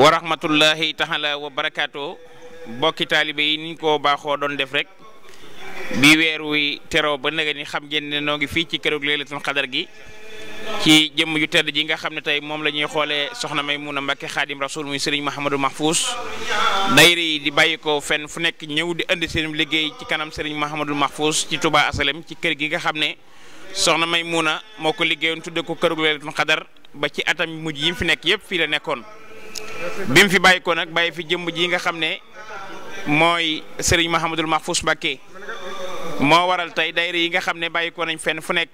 wa rahmatullahi taala wa barakaatu bokki taalibe yi niñ ko baaxoo doon def rek bi weer wi teroo ba nag ni xam ngeen noo ngi fii ci këru Laylatul Qadr gi ci jëmm ju tedd ji nga xam ne tey moom la ñuy xoolee soxna Maymuna Mbakke Xaadim Rasul muy Sëriñ Mouhamadou Mahfous dayre yi di bàyyi ko fenn fu nekk ñëw di indi seen liggéey ci kanam Sëriñ Mouhamadou Mahfous ci Touba Asalem ci kër gi nga xam ne soxna Maymuna moo ko liggéeyoon tudde ko këru Laylatul ba ci atam mujj yi fi nekk yëpp fii la nekkoon. bi mu fi bàyyi ko nag bàyyi fi jëmm ji nga xam ne mooy sëriñ Mahamadul Mahfous Mbacké moo waral tey dayre yi nga xam ne bàyyi ko nañ fenn fu nekk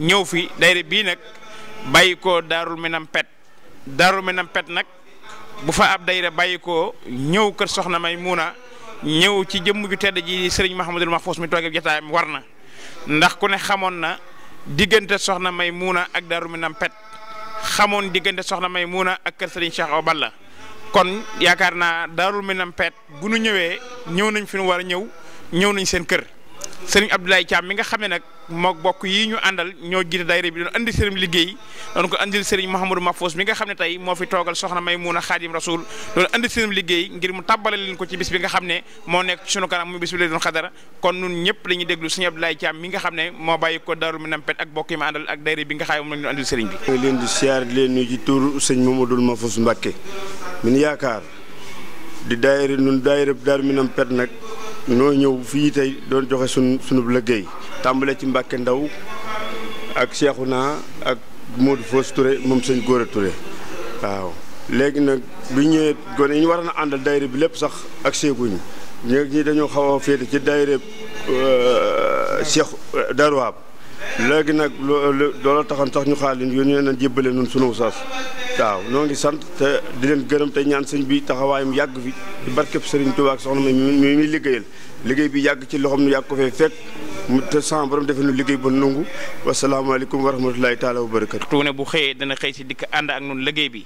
ñëw fi dayre bii nag bàyyi ko daarul minam pet daarul nam pet nag bu fa ab dayre bàyyi ko ñëw kër soxna may muuna ñëw ci jëmm ju tedd ji sëriñ Mahamadul Mahfous mi toogee jotaayam war na ndax ku ne xamoon na diggante soxna may muuna ak daarul minam pet xamoon diggante soxna may muuna ak kër Serigne Cheikh Awa Balla kon yaakaar naa daarul minam peet bu nu ñëwee ñëw nañ fi nu war a ñëw ñëw nañ seen kër sëriñ Abdoulaye Thiam mi nga xamee nag moog bokk yi ñu àndal ñoo jiite daayira bi doon andi sëriñ liggéey doon ko andil sëriñ Mouhamadou Mahfous mi nga xam ne tey moo fi toogal soxna Maymuna Xaadim Rasul doon andi sëriñ liggéey ngir mu tàbbale leen ko ci bis bi nga xam ne moo nekk sunu kanam muy bis bi la doon xadara kon ñun ñëpp dañuy déglu sëriñ Abdoulaye Thiam mi nga xam ne moo bàyyi ko Daaru Minam Pet ak bokk yi ma àndal ak daayira bi nga xam ne moom la ñu andil sëriñ bi. ñu leen di siyaar leen ñu ci tur sëñ Mouhamadou Mahfous Mbacké min yaakaar di daayira nun daayira Daaru Minam Pet nag noo ñëw fii tey doon joxe sunu sunub liggéey tàmbale ci Mbàkke Ndaw ak naa ak Modou Fos Touré moom sëñ Góora Touré waaw léegi nag bi ñëwee gone yi ñu waroon na àndal daayira bi lépp sax ak seeguñu ñi ñi dañoo xaw a féete ci daayira Cheikh euh, euh, Daruwaab léegi nag loolu loola taxoon sax ñu xaar leen yónnee nañ jébbale ñun sunu saas waaw ñoo ngi sant te di leen gërëm te ñaan sëñ bi taxawaayam yàgg fi ci barkeb Sëriñ Tuubaa ak soxna mi mi liggéeyal liggéey bi yàgg ci loxoom nu yàgg ko fee fekk te sama borom defee nu liggéey ba nangu wasalaamaaleykum wa rahmatulahi taala wa barakatu. ne bu xëyee dana xëy si dikk ànd ak ñun liggéey bi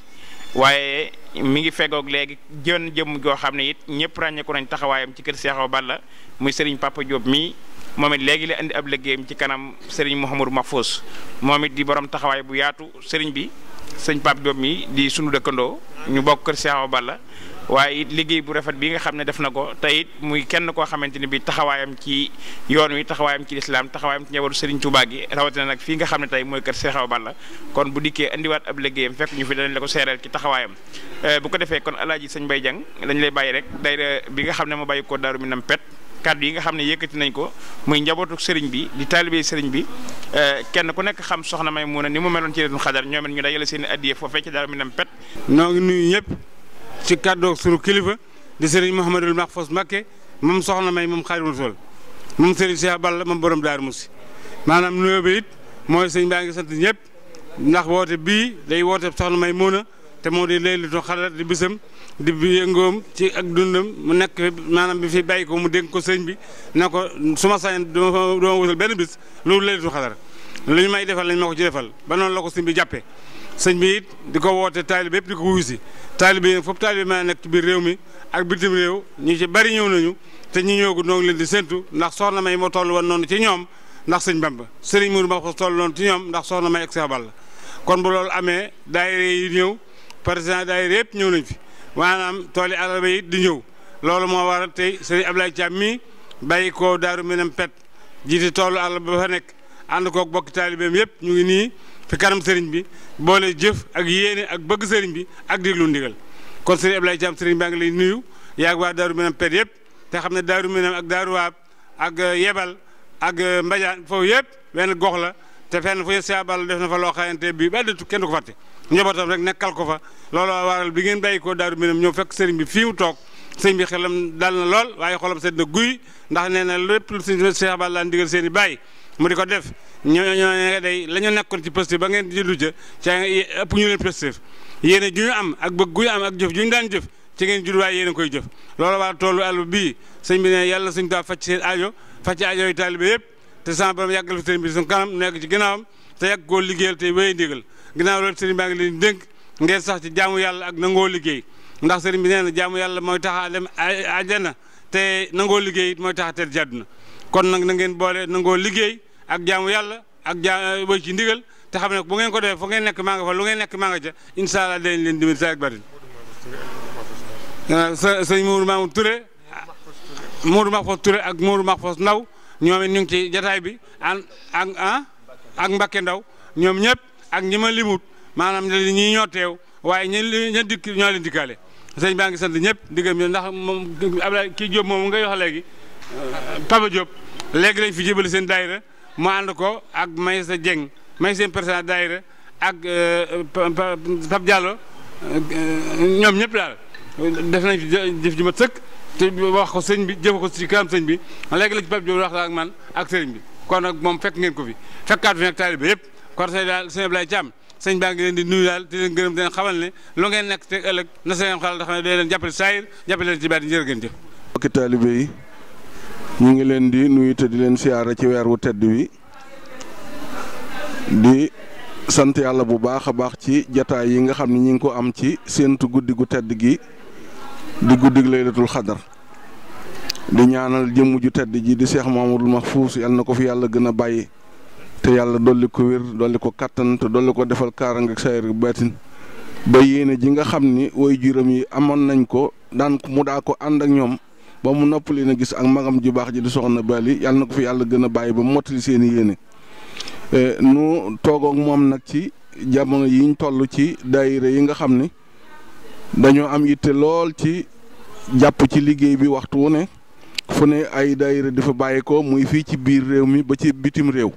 waaye mi ngi fegoog léegi jën jëm joo xam ne it ñëpp ràññeeku nañ taxawaayam ci kër Seexaw Balla muy Sëriñ Papa Diop mii moom it léegi la indi ab liggéeyam ci kanam sëriñ Serigne Mouhamadou Mahfouz moom it di borom taxawaay bu yaatu Serigne bi sëñ Pape Diop mi di sunu dëkkandoo ñu bokk kër Cheikh Awa Balla waaye liggéey bu rafet bi nga xam ne def na ko tey muy kenn koo xamante ni bi taxawaayam ci yoon wi taxawaayam ci lislaam taxawaayam ci njabootu Serigne Touba gi rawatina nag fii nga xam ne tey mooy kër Cheikh Awa Balla kon bu dikkee indiwaat ab liggéeyam fekk ñu fi danañ la ko seereel ci taxawaayam eh, bu ko defee kon alaaji sëñ Mbaye Dieng dañ lay bàyyi rek dayra bi nga xam ne ma bàyyi ko Daaru Minam Pet kàddu yi nga xam ne yëkkati nañ ko muy njabootu sëriñ bi di taalibey sëriñ bi eh, kenn ku nekk xam soxna may muuna ni mu meloon ci leen xadar ñoom it ñu dajale seen i addiye foofee ci dara mi nam pet nuyu ñëpp ci kàddu sunu kilifa di sëriñ Mouhamadul Mahfous Mbacké moom soxna may moom Xaadimu Rasuul moom sëriñ Cheikh Balla moom borom Daaru Musi maanaam nuyoo bi it mooy sëriñ baa ngi sant ñëpp ndax woote bii day woote soxna may muuna te moo di laylatul xadar di bisam di yëngoom ci ak dundam mu nekk maanaam bi fi bàyyi ko mu dénk ko sëñ bi na ko su ma sañoon du ma wutal benn bis loolu laylatul xadar lu ñu may defal lañ ma ko ci defal ba noonu la ko sëñ bi jàppee sëñ bi it di ko woote taalibe yëpp di ko wuyu si taalibe yi foofu taalibe maa nekk ci réew mi ak bitim réew ñu ci bari ñëw nañu te ñu ñëw ko ngi leen di séntu ndax soxna May moo toll woon noonu ci ñoom ndax sëñ Bamba sëriñ Mourou ma ko toll noonu ci ñoom ndax soxna May ak Seex Balla kon bu loolu amee daayira yi ñëw président daayira yëpp ñëw nañ fi manam toli àllarba yi di ñëw lolu mo waral tay sëriñ Ablaye jammi bayiko daru ko minam pet jiti tolu àllarba ba fa nek ànd koog bokk talibem yëpp ñu ngi ni fi kanam sëriñ bi boole jëf ak yene ak bëgg sëriñ bi ak déglu ndigal kon sëriñ Ablaye Thiam sëriñ baa ngi lay nuyu yaag wa daru minam pet yëpp te xamne daru daaru minam ak daru waab ak yebal ak mbajaan fo yëpp ben gox la te fenn fu ye siaball def na fa lo xamante bi ba dëtu kenn du ko fàtte njabootam rek nekkal ko fa loolu waral bi ngeen bàyyi ko daaru minam ñëw fekk sëriñ bi fii mu toog sëriñ bi xelam dal na lool waaye xolam sedd na guy ndax nee na lépp lu sëriñ Cheikh Balla daan digal seen i bàyyi mu di ko def ñooñoo ne day la ñu nekkoon ci positif ba ngeen jëndu ca ca ëpp ñu am ak bëgg gu am ak jëf ju daan jëf ci ngeen jur waaye yéen a koy jëf loolu waa toolu àll bii sëñ bi ne yàlla suñ taa faj seen aajo faj aajo yu taalibe yëpp te sama borom yàggal fi sëriñ bi suñ kanam nekk ci am te yàgg koo liggéeyal te wéy ndigal ginnaaw loolu sëriñ baa ngi leen dénk ngeen sax ci jaamu yàlla ak nangoo liggéey ndax sëriñ bi nee na jaamu yàlla mooy tax a dem àjjana te nangoo liggéey mooy tax a teel jàdduna kon nag na ngeen boole nangoo liggéey ak jaamu yàlla ak jaa eh, way ci ndigal te xam ne bu ngeen ko defee fo ngeen nekk maa nga fa lu ngeen nekk maa nga ca incha allah dinañ leen dimbali saa ak bari sëñ Mourou Mamour Touré Mourou Mahfos Touré ak Mourou Mahfos Ndaw ñoom it ñu ngi ci jataay bi an ak ah Ndaw ñoom ak ñi ma limut maanaam ñi ñoo teew waaye ñi ña dikk ñoo leen dikkaale sëñ baa ngi sant ñëpp diggam ndax moom Abdoulaye kii Diop moom ngay wax léegi euh, Papa Diop léegi lañ fi jébal seen daayira mu ànd ko ak Maysa Dieng may seen président daayira ak euh, Pape Diallo euh, ñoom ñëpp daal def nañ fi jëf ji ma sëkk te wax ko sëñ bi jëf ko ci kanam sëñ bi léegi lañ Pape Diop wax ak man ak seriñ bi kon nag moom fekk ngeen ko fi fekkaat fi nag taalibe yëpp kon tey daal sëñ Ablaye Thiam sëñ baa di nuyu daal di leen gërëm di leen xamal ne lu ngeen nekk teg ëllëg na seen xel tax ne day leen jàppale saayir jàppale leen ci baat yi jëf. mbokki taalibe yi ñu ngi leen di nuyu te di leen siyaara ci weer wu tedd wi di sant yàlla bu baax a baax ci jataay yi nga xam ñi ngi ko am ci séentu guddi gu tedd gi di guddi gi laylatul xadar di ñaanal jëmm ju tedd ji di seex Mamadul Mahfuus yàlla na fi yàlla gën a te yàlla dolli ko wér dolli ko kàttan te dolli ko defal kaaraange ak sayar baatin ba yéene ji nga xam ni woy juróom yi amoon nañ ko daan mu daa ko ànd ak ñoom ba mu noppali a gis ak magam ju baax ji di soxna Bali yàlla na ko fi yàlla gën a bàyyi ba mottali seen i yéene e, nu toogook moom nag ci jamono yiñ toll ci daayira yi nga xam ni dañoo am yitte lool ci jàpp ci liggéey bi waxtu wu ne fu ne ay daayira di bàyyi ko muy fii ci biir réew mi ba ci bitim réew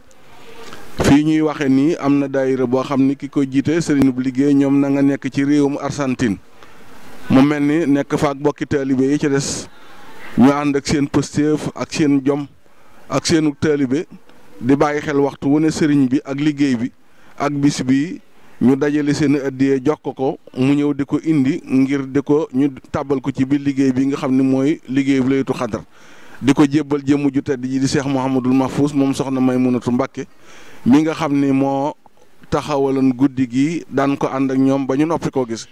fii ñuy waxee nii am na daayira boo xam ni ki ko jiite sëriñ bu liggéey ñoom nanga nekk ci réewum Argentine mu mel ni nekk fa ak bokki taalibe yi ci des ñu ànd ak seen pëstéef ak seen jom ak seenu taalibe di bàyyi xel waxtu wu ne sëriñ bi ak liggéey bi ak bis bi ñu dajale seen addiyee jox ko ko mu ñëw di ko indi ngir di ko ñu tàbbal ko ci biir liggéey bi nga xam ne mooy liggéey bu laytu xadar di ko jébbal jëmm ju tedd ji di seex Muhammadul Mahfous moom soxna Maymunatu Mbàkke mi nga xam ni moo taxawaloon guddi gi daan ko ànd ak ñoom ba ñu noppi koo gis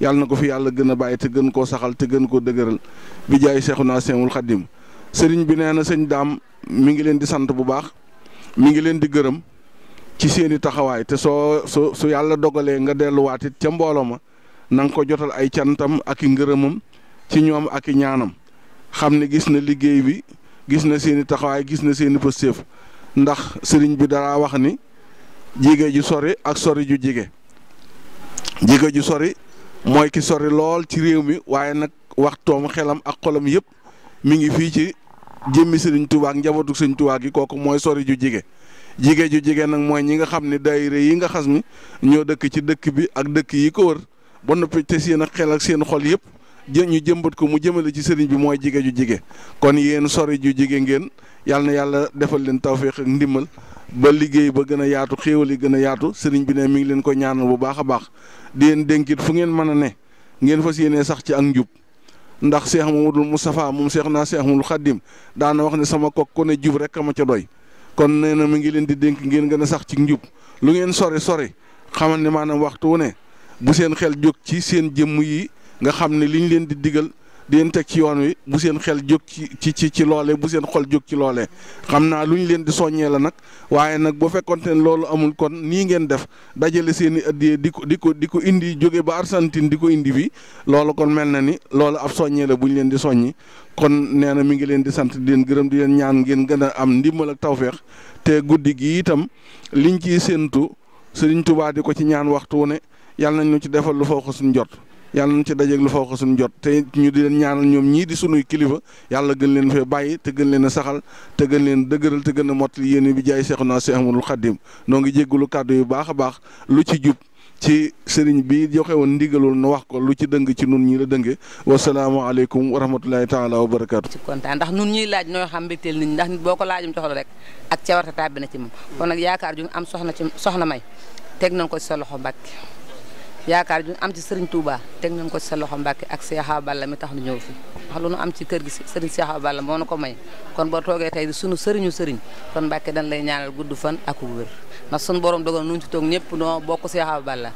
yàlla na ko fi yàlla gën a bàyyi te gën koo saxal te gën koo dëgëral bi jaay seexu naa seemul xaddim sëriñ bi nee na sëñ daam mu ngi leen di sant bu baax mi ngi leen di gërëm ci seeni taxawaay te soo su su yàlla dogalee nga delluwaat it ca mbooloo ma nanga nga ko jotal ay cantam ak i ngërëmam ci ñoom ak i ñaanam xam ne gis na liggéey bi gis na seeni taxawaay gis na seeni pëstéef ndax sëriñ bi dara wax ni jige ju sori ak sori ju jige jige ju sori mooy ki sori lool ci réew mi waaye nag waxtoom xelam ak xolam yëpp mi ngi fii ci jëmmi sëriñ Tuubaa ak njabootu sëriñ Tuubaa kooku mooy sori ju jige jige ju jige nag mooy ñi nga xam ne daayira yi nga xas mi ñoo dëkk ci dëkk bi ak dëkk yi ko wër ba noppi te seen xel ak seen xol yëpp. ñu jëmbat ko mu jëmale ci sëriñ bi mooy jige ju jige kon yéen sori ju jige ngeen yàlla na yàlla defal leen tawféex ak ndimmal ba liggéey ba gën a yaatu xéewal yi gën a yaatu sëriñ bi ne mi ngi leen ko ñaanal bu baax a baax di leen dénkit fu ngeen mën a ne ngeen fa yéenee sax ci ak njub ndax Cheikh Mamadou Moustapha moom Cheikh naa Cheikh Mamadou Khadim daana wax ne sama kok ku ne jub rek ma ca doy kon nee na mi ngi leen di dénk ngeen gën a sax ci njub lu ngeen sori sori xamal ne maanaam waxtu wu ne bu seen xel jóg ci seen jëmm yi nga xam ne ñu leen di digal di leen teg ci yoon wi bu seen xel jóg ci ci ci loolee bu seen xol jóg ci loole xam naa lu ñu leen di soññee la nag waaye nag bu fekkonte ne loolu amul kon nii ngeen def dajale seen i addiyee di ko di ko di ko indi jóge ba Argentine di ko indi bi loolu kon mel na ni loolu ab soññee la bu ñu leen di soññi kon nee na mi ngi leen di sant di leen gërëm di leen ñaan ngeen gën a am ndimbal ak tawféex te guddi gi itam liñ ciy séentu Sëriñ Tuubaa di ko ci ñaan waxtu wu ne yàlla nañ ñu ci defal lu fa suñu jot. yàlla nañ ci dajeeg lu fawqa sunu jot te ñu di leen ñaanal ñoom ñii di sunuy kilifa yàlla gën leen fee bàyyi te gën leen a saxal te gën leen dëgëral te gën a mottali yéene bi jaay seexu naa si amadul xaddim noo ngi jéggalu kàddu yu baax a baax lu ci jub ci sëriñ bi joxe woon ndigalul nu wax ko lu ci dëng ci nun ñii la dënge wasalaamaaleykum wa rahmatulahi taala wa barakaatu ci kontaan ndax nun ñuy laaj nooy xam mbégteel nit ñi ndax nit boo ko laajum jox la rek ak cawarte tàbbi na ci kon nag yaakaar ju am soxna ci soxna may teg nañ ko ci sa loxo mbàkke yaakaar ju am ci sëriñ Touba teg nañ ko ci sa loxo Mbàkke ak Seexa Balla mi tax nu ñëw fi wax lu nu am ci kër gi sëriñ Seexa Balla moo nu ko may kon boo toogee tey sunu sëriñu sëriñ kon Mbàkke dañ lay ñaanal gudd fan ak wér ndax sunu borom dogal nu ci toog ñëpp noo bokk Seexa Balla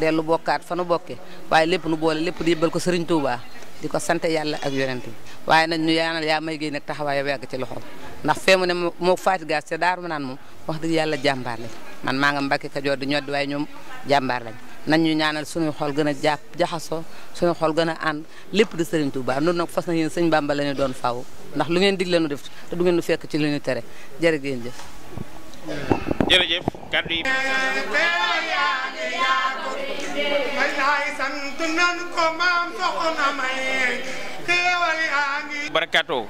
dellu bokkaat fa nu bokke waaye lépp nu boole lépp di yëbbal ko sëriñ Touba di ko sant yàlla ak yonent bi waaye nañ ñu yaanal yaa may géey nag taxawaay yàgg ci loxo ndax fee mu ne moo faati gaas ca daaru ma naan moom wax dëgg yàlla jàmbaar lañ man maa nga Mbàkke Kajoor di ñoddi waaye ñoom jàmbaar lañ nañ ñu ñaanal suñuy xol gën a jàpp jaxasoo suñuy xool gën a ànd lépp di Serigne baax noonu nag fas na yéen sëñ Bamba doon faaw ndax lu ngeen dig la def te du ngeen nu fekk ci li ñu tere jërë ngeen jëf. jërëjëf kàddu yi. barakato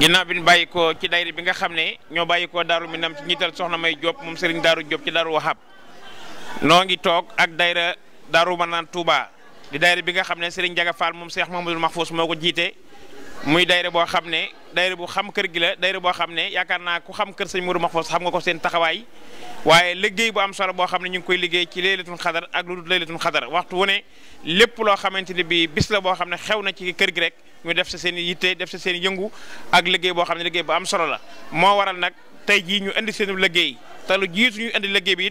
ginnaaw bi ñu bàyyi ko ci dayri bi nga xam ne ñoo bàyyi ko Daaru Minam ci njiital soxna May Diop moom Serigne Daaru Diop ci Daaru Wahab noo ngi toog ak dayra Daaru Manaan Touba di dayra bi nga xam ne Serigne Jaga Fall moom seex Cheikh Mahamadul Mahfous moo ko jiite muy dayra boo xam ne dayra bu xam kër gi la dayra boo xam ne yaakaar naa ku xam kër sëñ Mourou Mahfous xam nga ko seen taxawaay waaye liggéey bu am solo boo xam ne ñu ngi koy liggéey ci laylatul xadar ak lu dul laylatul xadar waxtu wu ne lépp loo xamante ne bii bis la boo xam ne xew na ci kër gi rek ñu def sa seen yitte def sa seen yëngu ak liggéey boo xam ne liggéey bu am solo la moo waral nag tey jii ñu indi seen liggéey te lu jiitu indi liggéey bi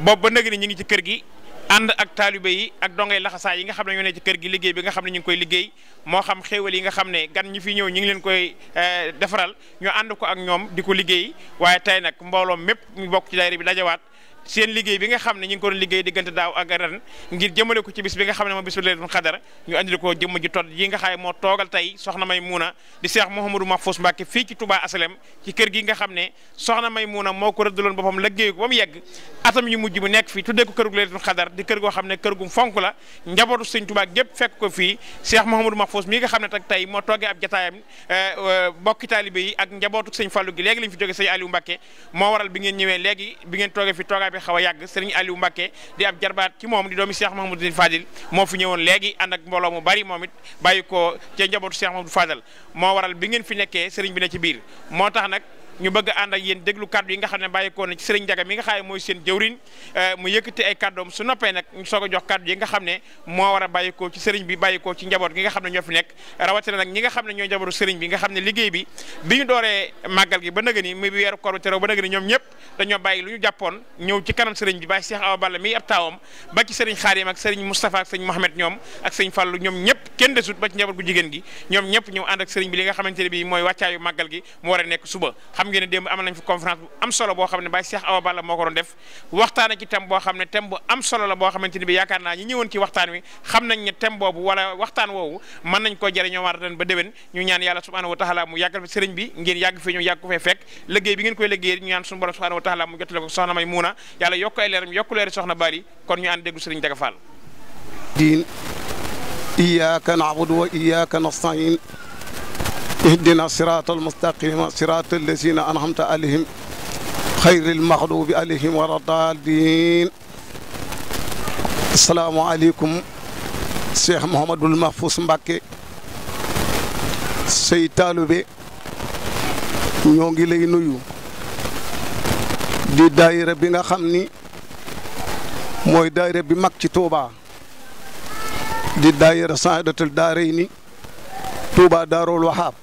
boobu ba nag ni ñu ngi ci kër gi ànd ak taalibe yi ak dongay laxasaay yi nga xam ne ñoo ne ci kër gi liggéey bi nga xam ne ñu ngi koy liggéey moo xam xéewal yi nga xam ne gan ñi fi ñëw ñu ngi leen koy eh, defaral ñu ànd ko ak ñoom di ko liggéey waaye tey nag mbooloo mépp ñu bokk ci daayira bi dajawaat seen liggéey bi nga xam ne ñu ngi ko doon liggéey diggante daaw ak ren ngir jëmale ko ci bis bi nga xam ne moom bisu Laylatul xadar ñu andil ko jëmm ji todd yi nga xam ne moo toogal tey soxna Maymuna di Cheikh Mouhamadou Mahfous Mbacké fii ci Touba aslem ci kër gi nga xam ne soxna Maymuna moo ko rëddaloon boppam liggéey ko ba mu yegg atam yu mujj mu nekk fii tuddee ko kërug Laylatul xadar di kër goo xam ne kër gu fonk la njabootu sëñ Touba gépp fekk ko fii Cheikh Mouhamadou Mahfous mi nga xam ne tak tey moo toogee ab jataayam bokki taalibe yi ak njabootu sëñ Fallou gi léegi lañ fi jóge sëñ Aliou Mbacké moo waral bi ngeen ñëwee léegi bi ngeen toogee fi toogaay bi xaw a yàgg sëriñ Aliou Mbacké di ab jarbaat ci moom di doomi Cheikh Mahmoudou Fadil moo fi ñëwoon léegi ànd ak mbooloo mu bari moom it ko ca njabootu Cheikh Mahmoudou Fadal moo waral bi ngeen fi nekkee sëriñ bi ne ci biir moo tax nag ñu bëgg ànd ak yéen déglu kaddu yi nga xam ne bàyyikoo na ci sëriñ Njaga mi nga xam ne mooy seen jëwriñ eh, mu yëkkati ay kaddoom su noppee nag ñu soog jox kaddu yi nga xam ne moo war a bàyyikoo ci sëriñ bi bàyyikoo ci njaboot gi nga xam ne ñoo nekk rawatina nag ñi nga xam ne ñooy njabootu sëriñ bi nga xam ne liggéey bi bi ñu dooree màggal gi ba nëga ni muy bi weeru koor bi teroo ba nëga ñoom ñëpp dañoo bàyyi lu ñu jàppoon ñëw ci kanam sëriñ bi bàyyi Cheikh Awa Balla mi ab taawam ba ci sëriñ Xaadim ak sëriñ Moustapha ak sëriñ ñoom ak sëriñ Fàllu ñoom ñëpp kenn desut ba ci gi ñoom ñëpp ñëw ànd ak li nga xamante ne bi mooy wàccaayu màggal gi mu war a suba ngeen ne démb amal nañ fi conférence bu am solo boo xam ne Baye Cheikh Awa Balla moo xam ne thème bu am solo la xam nañ ne thème boobu wala waxtaan woowu mën nañ koo jëriñoo waat ren ba déwén ñu ñaan yàlla subhanahu wa taala mu yàggal fi sëriñ bi ngeen yàgg fi ñu yàgg fee fekk liggéey bi ngeen koy liggéey ñu ñaan suñu borom subhanahu wa mu jottale ko soxna may muuna yàlla yokk ay leeram soxna bari kon ñu ànd déggu sëriñ Daga Fall diin iyyaka na'budu اهدنا الصراط المستقيم صراط الذين أنعمت عليهم خير المغضوب عليهم ولا الضالين السلام عليكم شيخ محمد المحفوظ مباكي sey taalibe ñoo ngi lay nuyu di daayira bi nga xam ni mooy daayira bi mag ci Touba di daayira Saadatul Daarayni Touba Daarul Wahab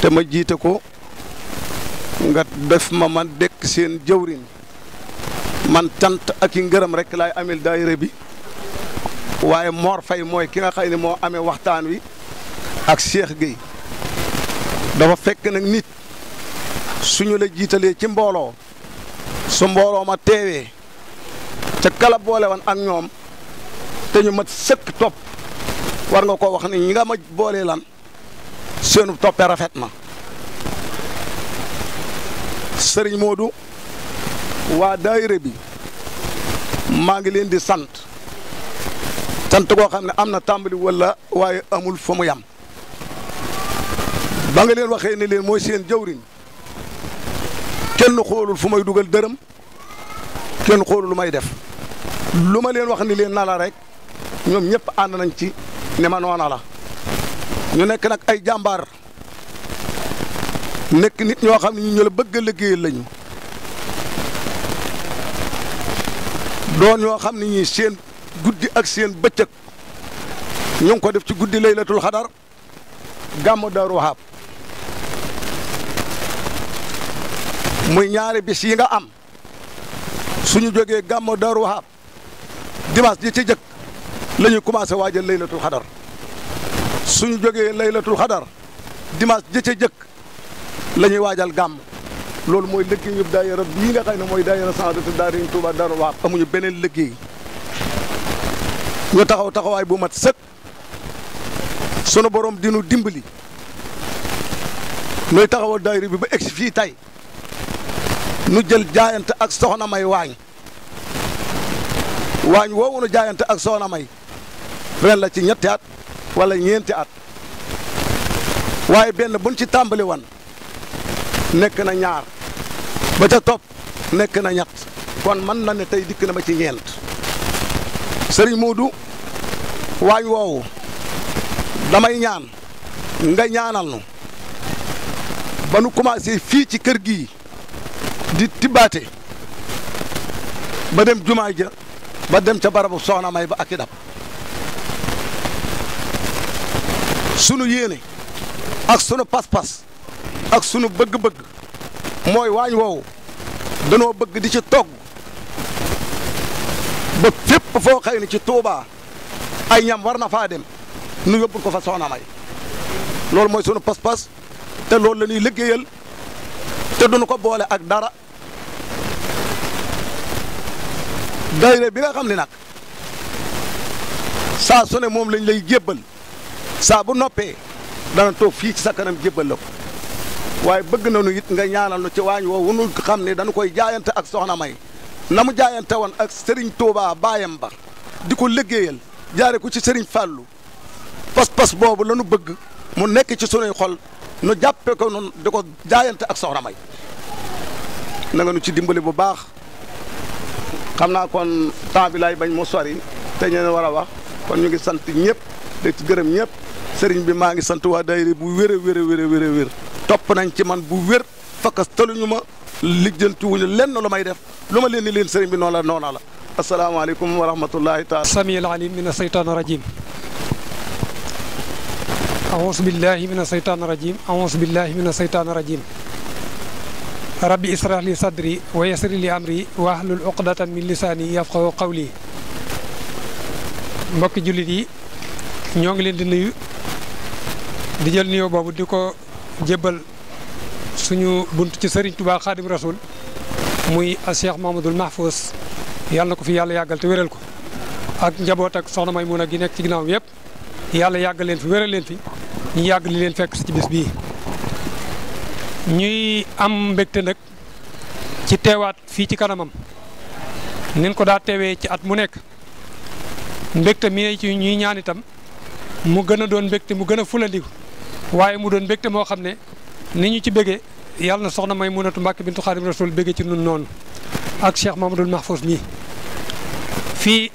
te ma jiite ko nga def ma man dekk seen jëwriñ man tant ak i ngërëm rekk lay amil daayira bi waaye Mor Faye mooy ki nga xam ne moo amee waxtaan wi ak seex Gueye dafa fekk nag nit su ñu la jiitalee ci mbooloo su mbooloo ma teewee ca kala boole woon ak ñoom te ñu mat sëkk topp war nga ko wax ni ñi nga ma boole lan seenu toppe rafet na sëriñ Modou waa daayira bi maa ngi leen di sant sant koo xam ne am na tàmbali walla waaye amul fa mu yam ba nga leen waxee ne leen mooy seen jawriñ kenn xoolul fu may dugal dërëm kenn xoolul lu may def lu ma leen wax ni leen nala rek ñoom ñëpp ànd nañ ci ne ma noona la ñu nekk nag ay jàmbaar nekk nit ñoo xam ne ñu ñu la bëgg a lañu doon ñoo xam ne ñi seen guddi ak seen bëccëg ñu ngi ko def ci guddi laylatul xadar gàmmu Daaru Wahab muy ñaari bis yi nga am suñu jógee gàmmu Daaru Wahab dimanche ji ci jëkk la ñuy commencé waajal laylatul xadar suñu jógee laylatul xadar dimanche jëcc jëkk la ñuy waajal gàmm loolu mooy liggéey yëpp daayira bii nga xay na mooy daayira Sahadatou Darayni Touba Darou Wahab amuñu beneen liggéey ñu taxaw taxawaay bu mat sëkk sunu borom dinu dimbali nuy taxawal daayira bi ba egsi fii tey nu jël jaayante ak soxna may waañ waañ woowu nu jaayante ak soxna may ren la ci ñetti at wala ñeenti at waaye benn buñ ci tàmbali wan nekk na ñaar ba ca topp nekk na ñett kon man na ne tey dikk na ma ci ñeent sëriñ Moodu waañ woowu damay ñaan nga ñaanal nu ba nu commencé fii ci kër gii di tibbaate ba dem jumaa ja ba dem ca barabu soxna may ba ak i dab sunu yéene ak sunu pas-pas ak sunu bëgg-bëgg mooy waañ woowu danoo bëgg di ci togg ba fépp foo xëy ni ci Touba ay ñam war na faa dem nu yóbbul ko fa soxna may loolu mooy sunu pas-pas te loolu la ñuy liggéeyal te duñu ko boole ak dara daayira bi nga xam ne nag saa su moom lañ lay jébbal saa bu noppee dana toog fii ci sa kanam jébbal ko waaye bëgg nañu it nga ñaanal nu ci waañ woo wunul xam ne dañu koy jaayante ak soxna May na mu jaayante woon ak Serigne Touba baayam ba di ko liggéeyal jaare ko ci Serigne Fallou pas-pas boobu la nu bëgg mu nekk ci sunuy xol nu jàppe ko ko jaayante ak soxna May na nga ci dimbali bu baax xam naa kon temps bi laay bañ mu sori te ñu war a wax kon ñu ngi sant ñëpp di gërëm ñëpp. sëriñ bi maa ngi sant waa daayira bu wér a wér a wér nañ ci man bu wér fakkas taluñu ma lijjanti wuñu lenn lu may def lu ma leen ni leen sëriñ bi noonu la noona la asalaamaaleykum wa rahmatullahi taala samiil alim min aseytaan rajim أعوذ بالله من الشيطان الرجيم أعوذ بالله من الشيطان الرجيم ربي اسرح لي صدري ويسر لي أمري واحلل عقدة من mbokki jullit yi ñoo ngi leen di nuyu di jël nuyoo boobu di ko jébbal suñu bunt ci Serigne Touba Khadim Rasoul muy Cheikh Mamadou Mahfous yàlla na ko fi yàlla yàggal te wéral ko ak njaboot ak soxna may Maymuna gi nekk ci ginnaawam yëpp yàlla yàggal leen fi wéral leen fi ñu yàgg li leen fekk si ci bis bii. ñuy am mbégte nag ci teewaat fii ci kanamam nin ko daa teewee ci at mu nekk mbégte mi ci ñuy ñaan itam mu gën a doon mbégte mu gën a fulandiku waaye mu doon mbégte moo xam ne ni ñu ci béggee yàlla na soxna may munatu Mbàkke bintu Xaadim Rasul béggee ci nun noonu ak Cheikh Mamadul Mahfous mii fii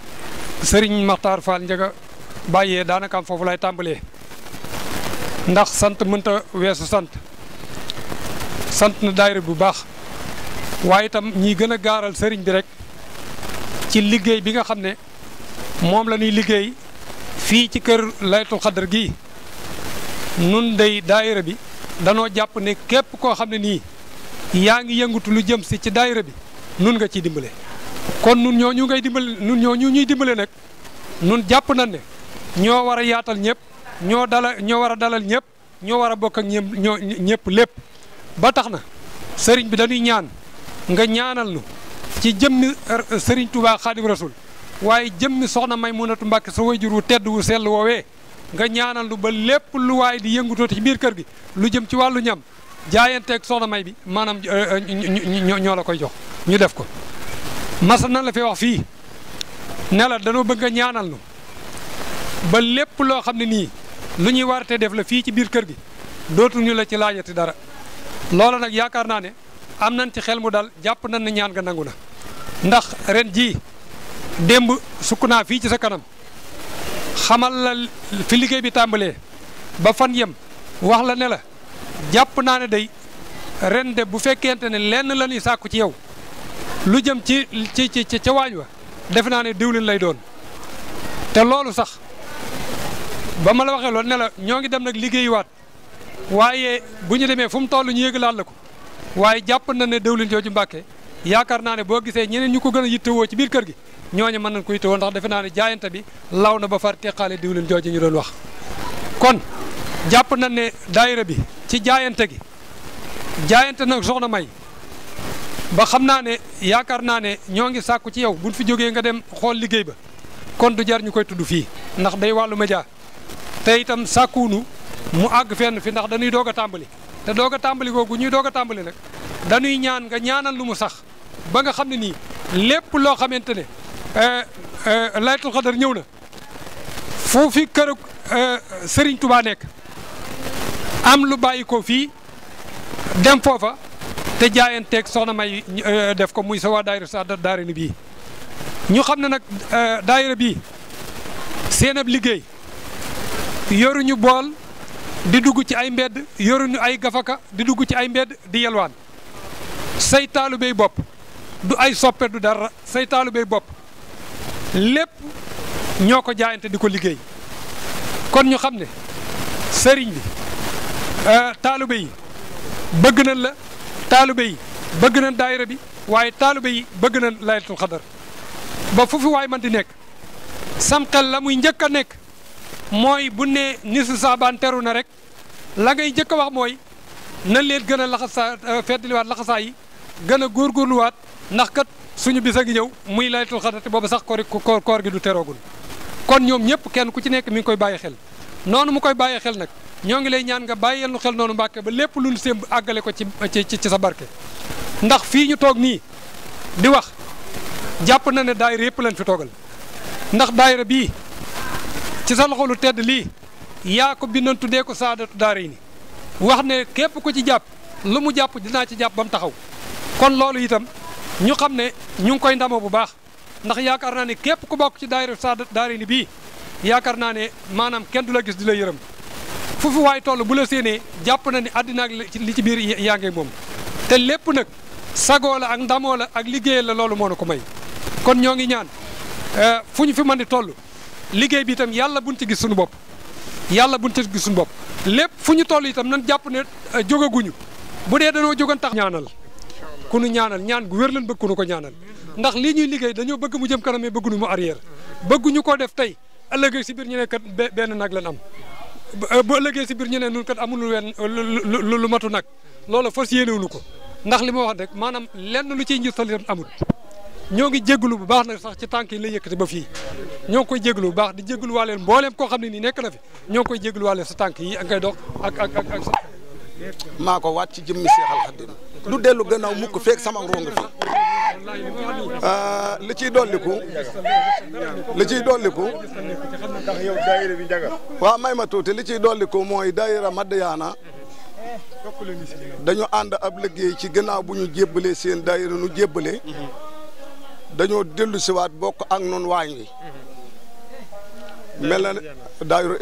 sëriñ Makhtar Fall Ndiaga bàyyee daanaka am foofu lay tàmbalee ndax sant mënta weesu sant sant na daayira bu baax waaye itam ñiy gën a gaaral sëriñ bi rek ci liggéey bi nga xam ne moom la ñuy liggéey fii ci kër laytul xadar gii nun day daayira bi danoo jàpp ne képp koo xam ne nii yaa ngi yëngatu lu jëm si ci daayira bi nun nga ciy dimbale kon nun ñoo ñu ngay dimbale nun ñoo ñu ñuy dimbale nag nun jàpp nañ ne ñoo war a yaatal ñëpp ñoo dala ñoo war a dalal ñëpp ñoo war a bokk ak ñëpp lépp ba tax na sëriñ bi dañuy ñaan nga ñaanal nu ci jëmmi sëriñ Touba Xaadim Rasul waaye jëmmi soxna Maymunatu Mbàkke sa wayjur wu tedd wu sell woowee nga ñaanal lu ba lépp lu waay di yëngutoo ci biir kër gi lu jëm ci wàllu ñam jaayanteeg soxna may bi maanaam euh, euh, ñoo la koy jox ñu def ko mas nan la fi wax fii ne la danoo bëgg nga ñaanal nu ba lépp loo xam ne nii lu ñuy warate def la fii ci biir kër gi dootuñu la ci laajati dara loola nag yaakaar naa ne am nañ ci xel mu dal jàpp nañ ne ñaan nga nangu na ndax ren jii démb sukk naa fii ci sa kanam xamal la fi liggéey bi tàmbalee ba fan yem wax la ne la jàpp naa ne day ren de bu fekkente ne lenn la ñuy sàkku ci yow lu jëm ci ci ci ca waañ wa defe naa ne diwlin lay doon te loolu sax ba ma la waxee loolu ne ñoo ngi dem nag liggéeyuwaat waaye bu ñu demee fu mu toll ñu yëgalaat la ko waaye jàpp na ne diwlin jooju Mbàkke yaakaar naa ne boo gisee ñeneen ñu ko gën a yittewoo ci biir kër gi ñooñu mën na ko yitte woon ndax defe naa ne jaayante bi law na ba far teqaale diwlin jooju ñu doon wax kon jàpp na ne daayira bi ci jaayante gi jaayante nag soxna may ba xam naa ne yaakaar naa ne ñoo ngi sàkku ci yow buñ fi jógee nga dem xool liggéey ba kon du jar ñu koy tudd fii ndax day wàllu média te itam sàkkuwunu mu àgg fenn fi ndax dañuy doog a tàmbali te doog tàmbali googu ñuy doog a tàmbali nag dañuy ñaan nga ñaanal lu mu sax ba nga xam ne nii lépp loo xamante ne Euh, euh, laytul xadar ñëw na fu fi kër euh, Serigne Touba nekk am lu bàyyi ko fii dem foofa te jaayanteeg soxna May def ko muy sa waa daayira sa daayira ni bii ñu xam ne nag daayira bii seen ab liggéey yoruñu bool di dugg ci ay mbedd yoruñu ay gafaka di dugg ci ay mbedd di yelwaan say taalubéy bopp du ay soppe du dara say taalubéy bopp lépp ñoo ko jaayante di ko liggéey kon ñu xam ne sëriñ bi euh, taalibe yi bëgg nañ la taalibe yi bëgg nañ daayira bi waaye taalibe yi bëgg nañ laylatul xadar ba fu fi waay man di nekk sam la muy njëkk a nekk mooy bu ne nisu saabaan teru na rek la ngay njëkk a wax mooy na leen gën a laxasaa euh, feddliwaat laxasaa yi gën a góorgóorluwaat ndax kat suñu bis a ngi ñëw muy laytul xadar te boobu sax koori koor gi du teroogul kon ñoom ñëpp kenn ku ci nekk mi ngi koy bàyyi xel noonu mu koy bàyyi xel nag ñoo ngi lay ñaan nga bàyyil nu xel noonu mbàkke ba lépp lu ñu séem àggale ko ci ci ci sa barke ndax fii ñu toog nii di wax jàpp na ne daayira yëpp lañ fi toogal ndax daayira bii ci sa loxo lu tedd lii yaa ko bindoon tuddee ko saadatu daara yi ni wax ne képp ku ci jàpp lu mu jàpp dinaa ci jàpp ba mu taxaw kon loolu itam ñu xam ne ñu ngi koy ndamoo bu baax ndax yaakaar naa ne képp ku bokk ci daayira Daaraéni bii yaakaar naa ne maanaam kenn du la gis di la yërëm fu fi waay toll bu la séenee jàpp na ne àddina ak li ci biir yaa ngi moom te lépp nag sagoo la ak ndamoo la ak liggéeyal la loolu moo na ko may kon ñoo ngi ñaan euh, fu ñu fi mën di toll liggéey bi itam yàlla buñ ci gis suñu bopp yàlla buñ ci gis suñu bopp lépp fu ñu toll itam nan jàpp ne euh, jógaguñu bu dee danoo jógan tax ñaanal ku ñaanal ñaan gu wér leen bëgg ku ko ñaanal ndax lii ñuy liggéey dañoo bëgg mu jëm kanam mais bëgguñu mu arrière bëgguñu koo def tey ëllëgee si biir ñu ne kat benn nag lañ am eh, bu ëllëgee si biir ñu ne nun kat amul wenn lu matu nag loola fas yéenewuñu ko ndax li ma wax rek maanaam lenn lu ciy njëstal yoon amul ñoo ngi jégalu bu baax nag sax ci tànk yi la lay yëkkati ba fii ñoo ngi koy jégalu bu baax di jégalu waa leen mbooleem koo xam ne nii nekk na fi ñoo ngi koy jégalu waa leen sa tànk yi ak ngay dox ak ak ak maa ko waat ci jëmmi Seexal Xaddim du dellu gannaaw mukk feek sama rongo fi ah, li ciy dolliku li ciy dolliku waaw may ma tuuti li ciy dolliku mooy daayira Madiyana dañu ànd ab liggéey ci gannaaw bu ñu jébbalee seen daayira nu jébbale dañoo dellu siwaat bokk ak noonu waañ mel na ne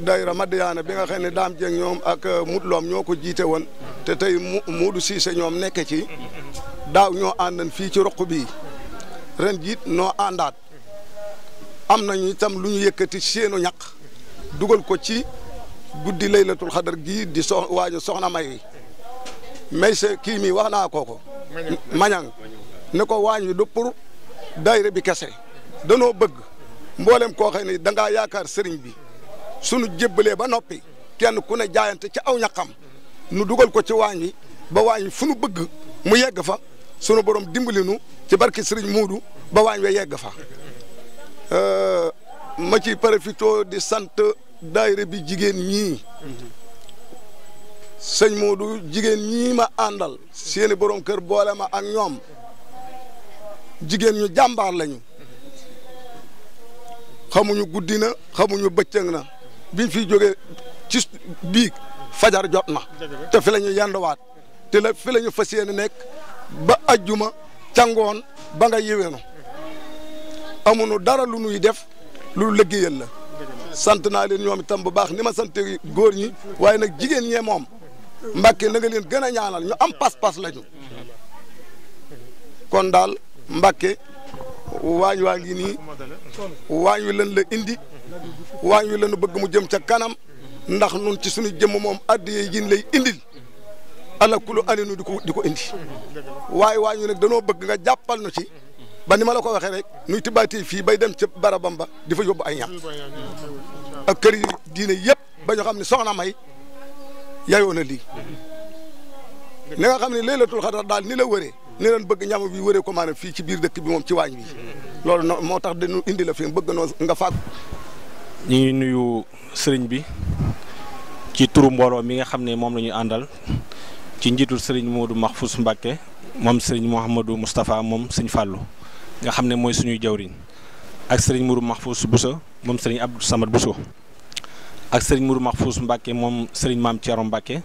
daayira bi nga xam ne daam jeeg ñoom ak euh, mutloom ñoo ko jiite woon te tey muudu siise ñoom nekk ci daaw ñoo àndan fii ci roq bii ren jiit noo àndaat am nañu itam lu ñu yëkkati seenu ñaq dugal ko ci guddi laylatul xadar gii di so waajo soxna may wi se kii mii wax naa ko ko mañang ne ko waañ wi du pour daayira bi kese danoo bëgg mboolem koo xam ne dangaa yaakaar sëriñ bi sunu jébbalee ba noppi kenn ku ne jaayante ci aw ñaqam nu dugal ko ci waañ wi ba waañ wi bëgg mu yegg fa sunu borom dimbali nu ci barki sëriñ Muudu ba waañ we yegg fa euh, ma ci profité di sant daayira bi jigéen ñii sëñ Moodu jigéen ñii ma àndal seeni borom kër boole ma ak ñoom jigéen ñu jàmbaar lañu xamuñu guddi na xamuñu bëccëg na biñ fi joge ci biig fajar jot na te fi la ñu yanduwaat te la ñu fas yéene nekk ba ajuma cangoon ba nga yéwénu amuñu dara lu nuy def lu liggéeyal la sant naa leen ñoom itam bu baax ni ma sant góor ñi waaye nag jigéen ñee moom Mbàkke na nga leen gën a ñaanal ñu am pas-pas lañu kon daal Mbàkke waañ waañ ngi nii waañ wi lan la indi waañ wi lanu bëgg mu jëm ca kanam ndax nun ci suñu jëmm moom addiyee yin lay indil ala kulu alinu di ko di ko indi waaye waañ wi nag bëgg nga jàppal nu ci ba ni ma la ko waxee rek nuy tibaatee fii bay dem ca barabam ba di fa yóbbu ay ñam ak kër yi diine yëpp ba ñu xam ne soxna may yayoo na lii li nga xam ne laylatul xadar daal ni la wëree ni leen bëgg ñam bi wëree ko maanaam fii ci biir dëkk bi moom ci waañ bi loolu no moo tax dañu indi la fi bëgg noo nga fàgg ngi nuyu sëriñ bi ci turu mbooloo mi nga xam ne moom la ñu àndal ci njiitul sëriñ Modou Mahfous Mbacké moom sëriñ Mouhamadou Moustapha moom sëñ Fallou nga xam ne mooy suñuy jawriñ ak sëriñ Mourou Mahfous Bousso moom sëriñ Abdou Samad Bousso ak sëriñ Mourou Mahfous Mbacké moom sëriñ Maam Thierno Mbacké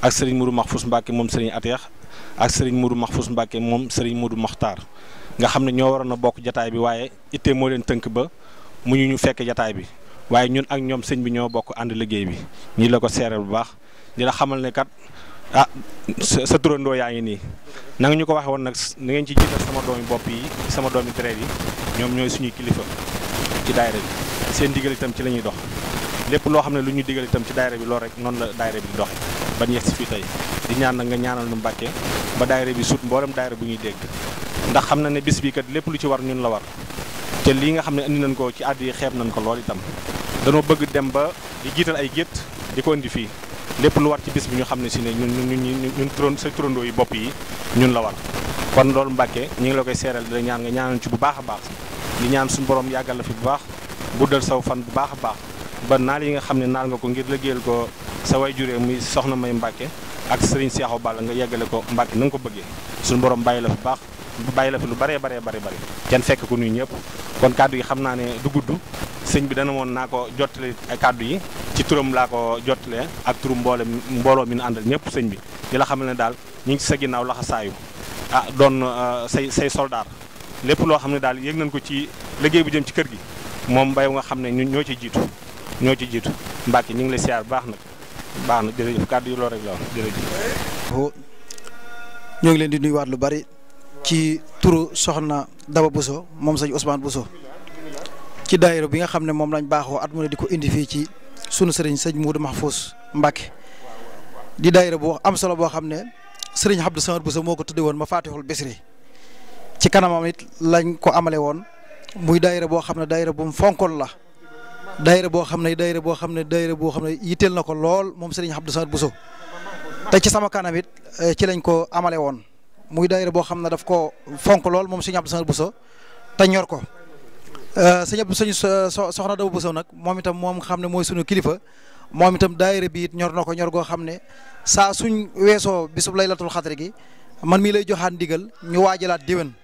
ak sëriñ Mourou Mahfous Mbacké moom sëriñ Ateex ak Serigne mourou Mahfous mbake mom Serigne mourou Mokhtar nga xamne ño warona bok jotaay bi waye ité mo len teunk ba mu ñu ñu fekk jotaay bi waye ñun ak ñom serigne bi ño bok and liggey bi ñi la ko séré bu baax di xamal ne kat ah sa turando yaangi ni nang nanga ñu ko waxee woon nag na ngeen ci jiital sama doomi bop yi sama doomi traite yi ñom ñoy suñu kilifa ci daayira bi seen digël itam ci lañuy dox lepp lo xamne luñu digël itam ci daayira bi lool rek non la daayira bi dox ban bañ ci fi tay di ñaan nag nga ñaanal nu Mbàkke ba daayira bi sut mbolam daayira bu ñuy dégg ndax xamna ne bis bi kat lepp lu ci war ñun la war te li nga xam andi nañ ko ci àdd yi nañ ko lool itam dañu bëgg dem ba di jital ay gétt di ko ndifi lepp lu war ci bis bi ñu xam ci si ne ñun ñun ñun turon sa turandoo yi bop yi ñun la war kon lool mbàkke ñi ngi la koy séral di ñaan nga ñaanal ci bu baaxa baax di ñaan suñu borom yagal la fi bu baax guddal saw fan bu baaxa baax ba naal yi nga xam ne naal nga ko ngir liggéeyal ko sa way juree muy soxna may Mbàkke ak sëriñ Seexu Balla nga yeggale ko Mbàkke nanga ko bëggee suñu borom bàyyi la fu baax bàyyi la fi lu baree baree bari bari kenn fekk ko nuyu ñëpp kon kàddu yi xam naa ne du gudd sëñ bi dana woon naa ko jottale kàddu yi ci turam laa ko jottalee ak turam mboole mbooloo mi nu àndal ñëpp sëñ bi di la xam ne daal ñu ngi sa ginnaaw laxasaayu ah doon ah, say say soldaar lépp loo xam ne daal yég nañ ko ci liggéey bu jëm ci kër gi moom mbay nga xam ne ñun ñoo ci jiitu ñoo ci jiitu Mbacke ñu ngi lay siyaar baax na baax na jërëjëf kàddu yu rek la ngi leen di nuyuwaat lu bari ci turu soxna Daba Bousso moom sëñ Ousmane Bousso ci daayira bi nga xam ne moom lañ baaxoo at mu ne di ko indi fii ci sunu sëriñ sëñ Moudou Mahfous Mbacke di daayira boo am solo boo xam ne sëriñ Abdou Samad Bousso moo ko tuddee woon ma faatixul Bisri ci kanamam it lañ ko amale woon muy daayira boo xam ne daayira bu fonkoon la. daayira bo xamne ne daayira boo xam Nokolol daayira boo xam ne yitteel na ko Serigne Abdou Samad Bousso te ci sama kanamit eh, ci lañ ko amale won muy daayira bo xamne daf ko fonk lol mom Serigne Abdou Samad Bousso te ñor ko eh, serigne Abdou serigne soxna Daba Bousso nak moom itam suñu kilifa itam bi ñor nako ñor go xamne sa suñ bisub laylatul khatri gi man mi lay joxan digal ñu wajalat diwen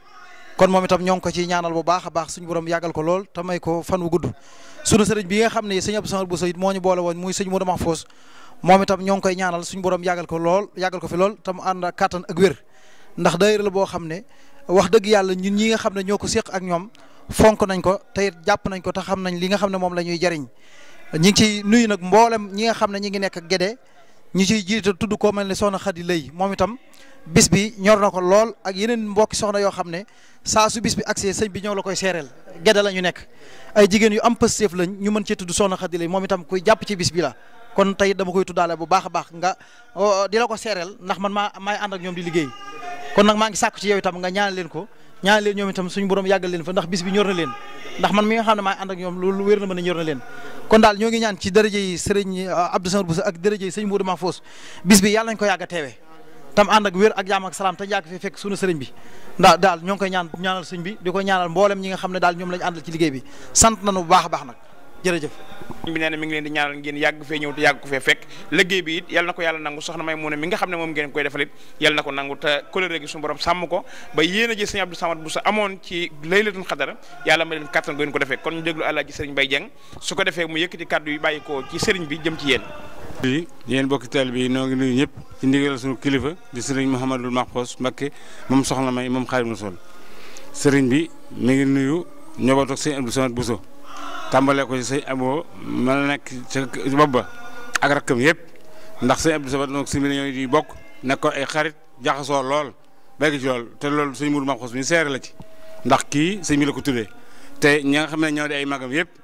kon moom itam ñoo ngi ko ci ñaanal bu baax a baax suñ borom yàggal ko lool te may ko fan wu gudd suñu sëriñ bi nga xam ne sëñ Abdou Samad Bousso it moo ñu boole woon muy sëñ Modou moom itam ñoo ngi koy ñaanal suñu borom yàggal ko lool yàggal ko fi lool tam ànd ak kattan ak wér ndax day la boo xam ne wax dëgg yàlla ñun ñi nga xam ne ñoo ko séq ak ñoom fonk nañ ko tey jàpp nañ ko te xam nañ li nga xam ne moom la ñuy jariñ ñi ngi ciy nuyu nag mboolem ñi nga xam ne ñi ngi nekk ak Gédé ñi ciy jiite tudd ko mel ni Soxna Xadi Lay moom itam bis bi ñor nako ko lool ak yeneen mbokk soxna yo xamne ne su bis bi agsee señ bi ñëw la koy seereel gedda lañu ñu nekk ay jigen yu am pësteef lañ ñu mën ci tuddu soxna Xadi Lay moom itam kuy jàpp ci bis bi la kon tay dama koy tuddaale bu baax baax nga oh, oh, di la ko seereel ndax man maa maay ànd ak ñom di liggéey kon nak ma ngi sakku ci yow itam nga ñaan leen ko ñaan leen ñom itam suñu borom yagal leen fa ndax bis bi ñor na leen ndax man mi nga xamne ne maay ànd ak ñom loolu wër na mëna ñor na leen kon dal ñoo ngi ñaan ci dërëje yi sëriñ euh, Abdou Samad Bousso ak dërëje yi sëñ Modou Mahfous bis bi yalla nañ ko yàgg téwé tam ànd ak wér ak jaam ak salaam te yàgg fi fekk sunu sëriñ bi ndax daal ñoo koy ñaan ñaanal sëriñ bi di ko ñaanal mboolem ñi nga xam ne daal ñoom lañ àndal ci liggéey bi sant na bu baax a baax nag jërëjëf bi nee na mi ngi leen di ñaanal ngeen yàgg fee ñëw te yàgg ko fee fekk liggéey bi it yal na ko yàlla nangu soxna may mu ne mi nga xam ne moom ngeen koy defalit yal na ko nangu te colère gi suñu borom sàmm ko ba yéen a ji sëñ Abdou Samad bu sa amoon ci laylatul xadara yàlla ma leen kàttan ngeen ko defee kon ñu déglu àllaaji sëriñ Baye Dieng ko defee mu yëkkati kàddu yi bàyyi ko ci sëriñ bi jëm ci yéen yi yéen bokki teel bi noo ngi nuyu ñëpp ci ndigal suñu kilifa di sëriñ Mouhamadul Mahfous Mbacké moom soxna may moom ma sol sëriñ bi mi ngi nuyu ñoboot ak sëñ Abdou Samad Bousso tàmbalee ko ci sëñ Abo ma nekk ca bopp ba ak rakkam yëpp ndax sëñ Abdou Samad moom si millions yi bokk nekk ko ay xarit jaxasoo lool bëgg ci lool te loolu sëñ Mourou Mahfous mi seere la ci ndax kii sëñ bi la ko tuddee te ña nga xam ne ñoo di ay magam yëpp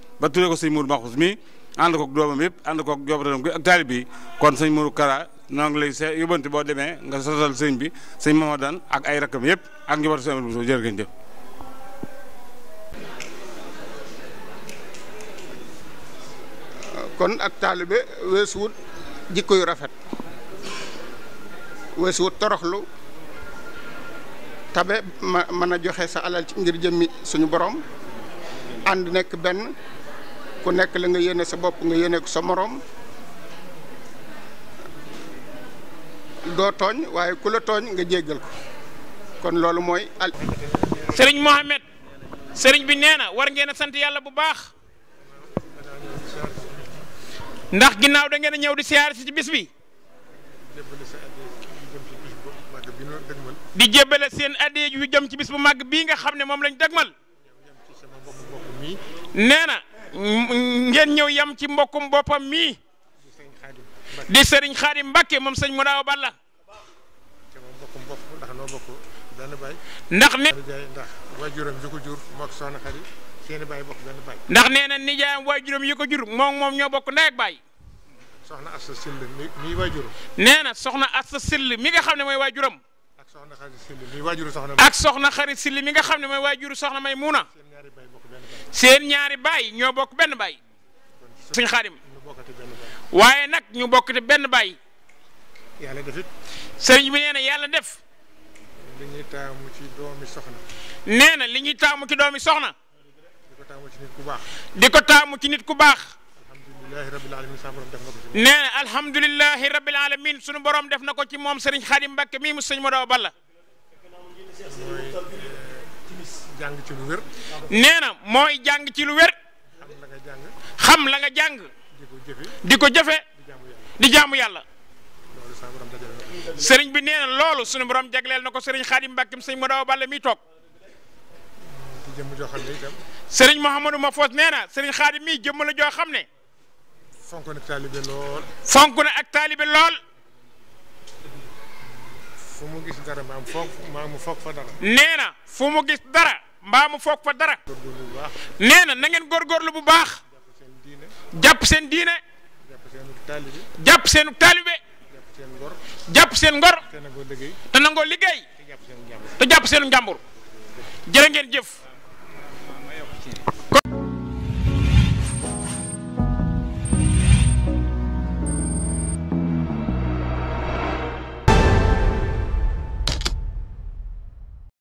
ba tuddee ko sëñ Mourou Maxus mi ànd koog doomam yëpp ànd koog jobadam gi ak taalib bi kon sëñ Mourou Kara noo ngi lay see yóbbante boo demee nga sosal sëñ bi sëñ Mamadan ak ay rakkam yëpp ak njabootu sëñ Abdou Bousso jërë ngeen jëf yu rafet weesuwut toroxlu tabe ma mën a joxe sa alal ci ngir jëmmi suñu borom ànd nekk benn ku nekk la nga yéene sa bopp nga yéene ko sa morom doo tooñ waaye ku la tooñ nga jéggal ko kon loolu mooy al sëriñ Mohamed sëriñ bi nee na war ngeen a sant yàlla bu baax ndax ginnaaw da ngeen a ñëw di siyaar ci bis bi di jébbale seen addiya yu jëm ci bis bu màgg bii nga xam ne moom lañ dagmal nee ngeen ñëw yam ci mbokkum boppam mii di sëriñ Xaadim Mbàkke moom sëñ mu daaw balla ndax ne ndax waajuram yi ko jur mook soxna xari seeni baay bokk benn baay ndax nee na nijaayam waajuram yi ko jur moom moom ñoo bokk ndey ak baay soxna Asta Sill mi waajuram nee na soxna Asta Sill mi nga xam ne mooy waajuram ak soxna xari Sill mi nga xam ne mooy waajuru soxna may muuna seen ñaari bay ñoo bok ben bay suñ xarim waye nak ñu bok te ben bay yàlla defut sëriñ bi neena yàlla def liñu ñuy taamu ci doomi soxna neena liñu li taamu ci doomi soxna diko ko taamu ci nit ku bax di ko taamu ci nit ku baax nee na alhamdulilahi rabbil alamin sunu borom def na ci moom sëriñ xaadim mbàkke mii mu sëñ Modaw Balla jàng ci lu wér. nee na mooy jàng ci lu wér. xam la nga jàng. xam la nga jàng. di ko jëfe di ko di jaamu yàlla. sëriñ bi nee na loolu sunu borom jagleel na ko sëriñ Xaadim Mbàkke sëñ Modaw Balla mi toog. sëriñ Mouhamadou Mafos nee na sëriñ Xaadim mii jëmm la joo xam ne. fonk na ak taalibe lool. fonk na ak taalibe fu mu gis dara maam foog maam foog fa dara. nee fu mu gis dara. mbaa mu foog fa dara nee na na ngeen góorgóorlu bu baax jàpp seen diine jàpp seenu taalibe jàpp seen ngor te nangoo liggéey te jàpp seen njàmbur jërë ngeen jëf